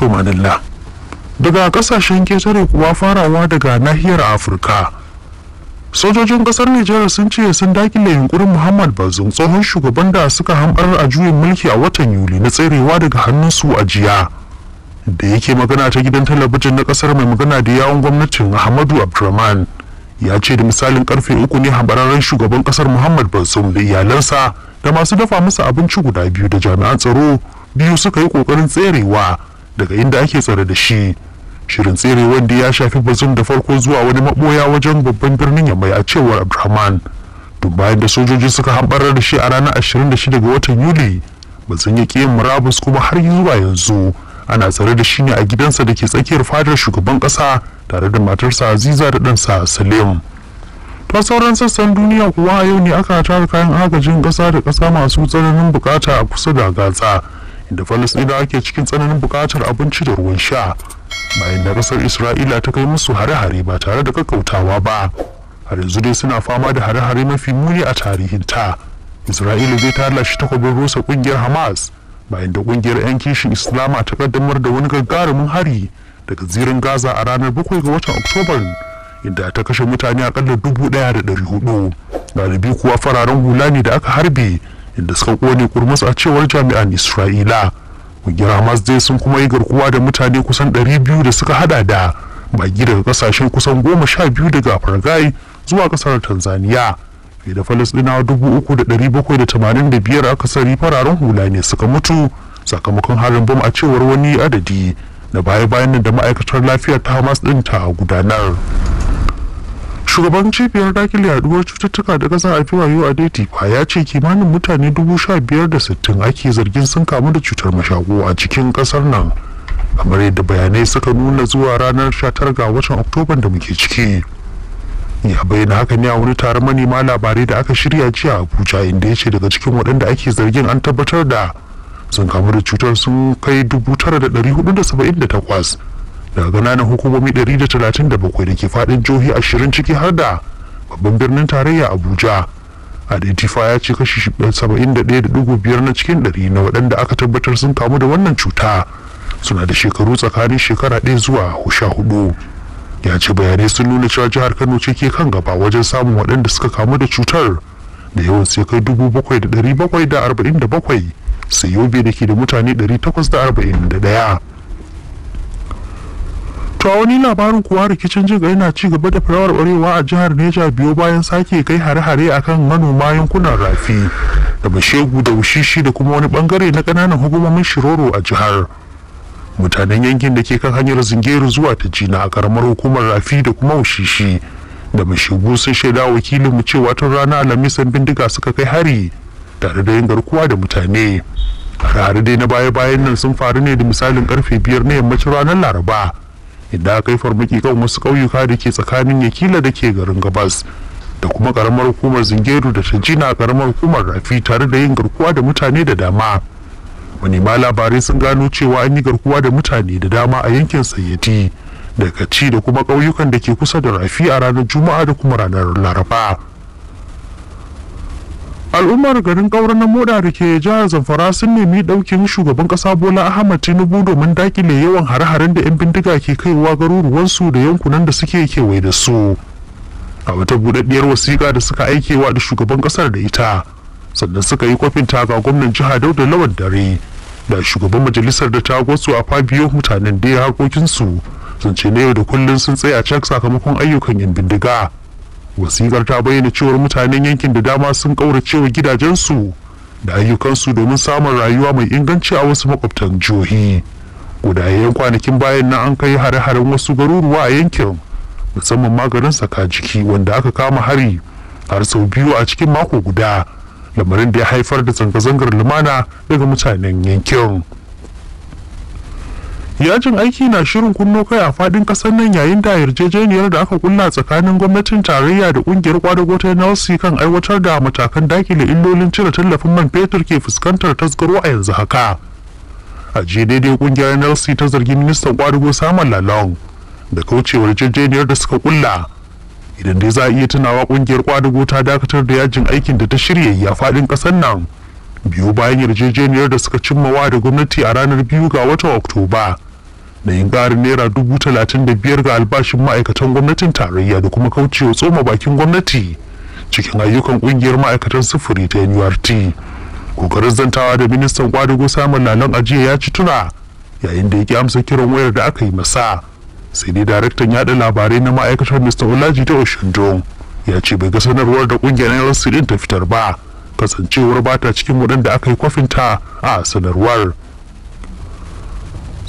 to daga kasashen ketare kuwa farawa daga nahiyar afirka sojojin kasar nijar sun ce sun dakile yunkurin muhammad bazoum tsohon shugaban da suka hamɓar a juyin mulki a watan yuli na tserewa daga hannun su a jiya da yake magana ta gidan talabijin na kasar mai magana da yawon gwamnatin ahmadu abdurrahman ya ce da misalin karfe uku ne hambararren shugaban kasar muhammad bazoum da iyalansa da masu dafa masa abinci guda biyu da jami'an tsaro biyu suka yi kokarin tserewa daga inda ake tsare da shi shirin tsere wanda ya shafi bazin da farko zuwa wani maboya wajen babban birnin ya mai a cewar abdulrahman tun bayan da sojoji suka hambarar da shi a ranar 26 ga watan yuli bazin ya yin murabus kuma har zuwa yanzu ana tsare da shi ne a gidansa da ke tsakiyar fadar shugaban kasa tare da matarsa aziza da ɗansa salim ta sauran sassan duniya kuwa yau ne aka tara kayan agajin ƙasa da ƙasa masu tsananin bukata a kusa da gaza inda falasɗina ake cikin tsananin buƙatar abinci da ruwan sha bayan da ƙasar isra'ila ta kai musu hare-hare ba tare da kakkautawa ba har yanzu dai suna fama da hare-hare mafi muni a tarihinta isra'ila zai ta lashe takobin rusa ƙungiyar hamas bayan da ƙungiyar 'yan kishin islama ta kaddamar da wani gagarumin hari daga zirin gaza a ranar 7 ga watan oktobar inda ta kashe mutane akalla 1,400 galibi kuwa fararen hula ne da aka harbe inda suka kone kurmus a cewar jami'an isra'ila kungiyar hamas dai sun kuma yi garkuwa da mutane kusan 200 da suka hada da baki daga kasashen kusan goma sha biyu daga afirgai zuwa kasar tanzania fiye da da 3,785 akasari fararen hula ne suka mutu sakamakon harin bom a cewar wani adadi da baya-bayan da ma'aikatar lafiya ta hamas din ta gudanar shugaban cibiyar dakile yaduwar cututtuka da kasar wayo a ba ya ce kimanin mutane dubu sha biyar da sittin ake zargin sun kamu da cutar mashako a cikin kasar nan kamar yadda bayanai suka nuna zuwa ranar 19 ga watan oktoban da muke ciki ya bayyana haka ne a wani taron manema labarai da aka shirya jiya a abuja inda ya ce daga cikin waɗanda ake zargin an tabbatar da sun kamu da cutar sun kai takwas daga ƙananan hukumomi 137 da ke fadin jihohi 20 ciki har da babban birnin tarayya abuja identifa ya ce kashi 71.5 na cikin 100 na waɗanda aka tabbatar sun kamu da wannan cuta suna da shekaru tsakanin shekara 1 zuwa sha hudu ya ce bayanai sun nuna cewa jihar kano ce ke kan gaba wajen samun waɗanda suka kamu da cutar da yawan sai kai dubu bakwai da ɗari bakwai da arba'in da bakwai sai yobe da ke da mutane 841 takwas da arba'in da to a wani labarin kuwa rikicin jin yana ci gaba da farawar barewa a jihar neja biyo bayan sake kai hare-hare akan manoma yankunan rafi da bashegu da wushishi da kuma wani bangare na kananan hukumomin shiroro a jihar mutanen yankin da ke kan hanyar zingeru zuwa ta jina a karamar hukumar rafi da kuma wushishi da bashegu sun shaida wakilinmu cewa tun rana alhamisan bindiga suka kai hari tare da yin garkuwa da mutane hare-hare dai na baya-bayan nan sun faru ne da misalin karfe biyar na yammacin ranar laraba idan yi farmaki kan wasu ƙauyuka da ke tsakanin yakila da ke garin gabas da kuma ƙaramar hukumar zingeru da tajina a karamar hukumar rafi tare da yin garkuwa da mutane da dama wani ma labarai sun gano cewa an yi garkuwa da mutane da dama a yankin sayyati daga ci da kuma ƙauyukan da ke kusa da rafi a ranar juma'a da kuma ranar laraba al'ummar garin ƙauren na moda da ke jihar zamfara sun nemi ɗaukin shugaban ƙasa bola ahmad tinubu domin dakile yawan hare-haren da 'yan bindiga ke kaiwa garuruwansu da yankunan da suke kewaye da su a wata buɗaɗɗiyar wasiƙa da suka aikewa da shugaban ƙasar da ita sannan suka yi ta ga gwamnan jiha dauda lawan dare da shugaban majalisar da ta tagosu a fabiyo mutanen da harkokinsu sun ce na yau da kullum sun tsaya cak sakamakon ayyukan yan bindiga wasikar ta bayyana cewar mutanen yankin da dama sun ƙauracewa gidajensu da ayyukansu domin samun rayuwa mai inganci a wasu makwabtan jihohi gudayen kwanakin bayan na an kai hare-haren wasu garuruwa a yankin musamman maganin saka jiki wanda aka kama hari har sau biyu a cikin mako guda lamarin da ya haifar da zanga-zangar lumana daga mutanen yankin. yajin aiki na shirin kunno kai a fadin kasar nan yayin da yarjejeniyar da aka kulla tsakanin gwamnatin tarayya da kungiyar kwadago ta nelsi kan aiwatar da matakan dakile illolin cire tallafin man fetur ke fuskantar tasgaro a yanzu haka a je daidai kungiyar nelsi ta zargi ministan kwadago samun lalong da kaucewar jejeniyar da suka kulla idan dai za a iya tunawa kungiyar kwadago ta dakatar da yajin aikin da ta shirya ya fadin kasar nan biyu bayan yarjejeniyar da suka cimmawa da gwamnati a ranar biyu ga watan oktoba da yin naira dubu talatin da biyar ga albashin ma'aikatan gwamnatin tarayya da kuma kaucewa tsoma bakin gwamnati cikin ayyukan kungiyar ma'aikatan sufuri ta nurt kokarin zantawa da ministan kwadago samun lalon ajiya ya ci tuna yayin da ya ki amsa kiran wayar da aka yi masa sai dai daraktan yada labarai na ma'aikatar mr olaji ta oshindo ya ce bai ga sanarwar da kungiyar nlc din ta fitar ba kasancewar ba ta cikin waɗanda aka yi kwafinta a sanarwar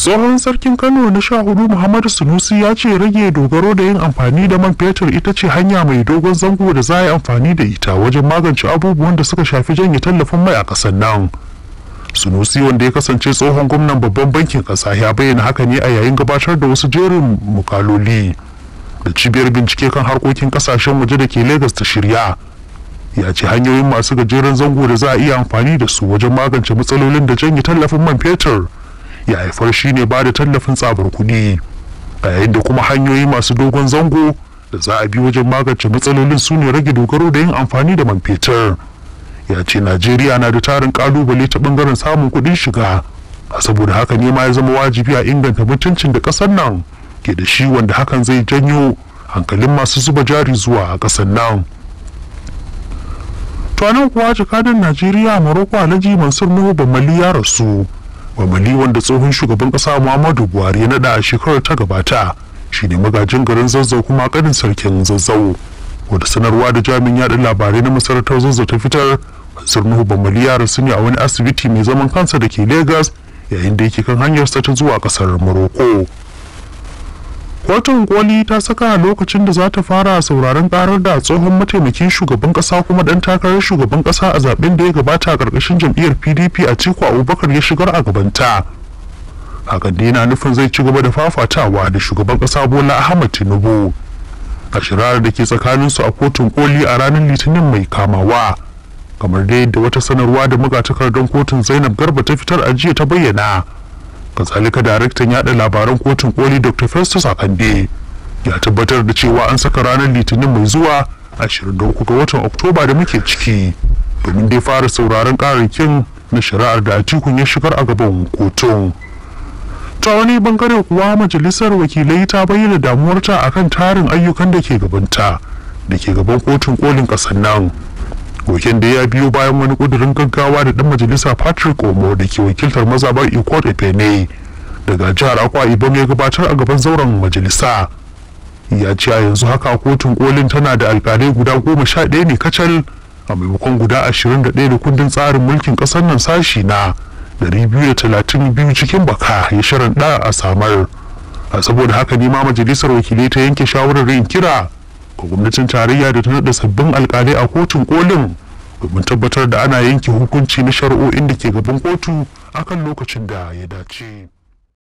tsohon sarkin kano na sha hudu muhammadu sunusi ya ce rage dogaro da yin amfani da man fetur ita ce hanya mai dogon zango da za a yi amfani da ita wajen magance abubuwan da suka shafi janye tallafin mai a ƙasar nan sunusi wanda ya kasance tsohon gwamnan babban bankin ƙasa ya bayyana haka ne a yayin gabatar da wasu jerin mukaloli da cibiyar bincike kan harkokin ƙasashen waje da ke legas ta shirya ya ce hanyoyin masu gajeren zango da za a iya amfani da su wajen magance matsalolin da janye tallafin man fetur ya haifar shine ba da tallafin tsabar kuɗi a yayin da kuma hanyoyi masu dogon zango da za a bi wajen magance matsalolin su ne rage dogaro da yin amfani da man fetur ya ce najeriya na da tarin kalubale ta bangaren samun kuɗin shiga a saboda haka ne ma ya zama wajibi a inganta mutuncin da ƙasar nan ke da shi wanda hakan zai janyo hankalin masu zuba jari zuwa a ƙasar nan to kuwa jakadan najeriya maroko alhaji mansur nuhu bamali ya rasu Bamani wanda tsohon shugaban kasa Muhammadu Buhari ya nada a shekarar ta gabata shi ne magajin garin Zazzau kuma kanin sarkin Zazzau. Wata sanarwa da jami'in yaɗa labarai na masarautar Zazzau ta fitar Sirnuhu Bamali ya rasu ne a wani asibiti mai zaman kansa da ke Legas yayin da yake kan hanyarsa ta zuwa kasar Morocco. kotun koli ta saka lokacin da za ta fara sauraron karar da tsohon mataimakin shugaban kasa kuma dan takarar shugaban kasa a zaben da ya gabata a karkashin jam'iyyar pdp a ciko abubakar ya shigar a gabanta haka dai na nufin zai ci gaba da fafatawa da shugaban kasa bola ahmad tinubu a shirar da ke tsakanin su a kotun koli a ranar litinin mai kamawa kamar dai da wata sanarwa da magatakardar kotun zainab garba ta fitar a jiya ta bayyana kazalika daraktan yaɗa labaran kotun koli dr festus akande ya tabbatar da cewa an saka ranar litinin mai zuwa 23 ga watan oktoba da muke ciki domin dai fara sauraron kin na shari'ar da atikun ya shigar a gaban kotun ta wani bangare kuwa majalisar wakilai ta bayyana damuwarta akan tarin ayyukan da ke gabanta da ke gaban kotun kolin ƙasar nan koken da ya biyo bayan wani kudurin gaggawa da dan majalisa patrick omo da ke wakiltar mazabar ikot efene daga jihar akwa ibom ya gabatar a gaban zauren majalisa ya ce a yanzu haka kotun kolin tana da alkalai guda goma sha ɗaya ne kacal a maimakon guda ashirin da ɗaya da kundin tsarin mulkin ƙasar nan sashi na ɗari biyu da talatin biyu cikin baka ya shirin da a samar a saboda haka ne ma majalisar wakilai ta yanke shawarar yin kira gwamnatin tarayya da ta naɗa sabbin alkalai a kotun kolin domin tabbatar da ana yanke hukunci na shari'o'in da ke gaban kotu akan lokacin da ya dace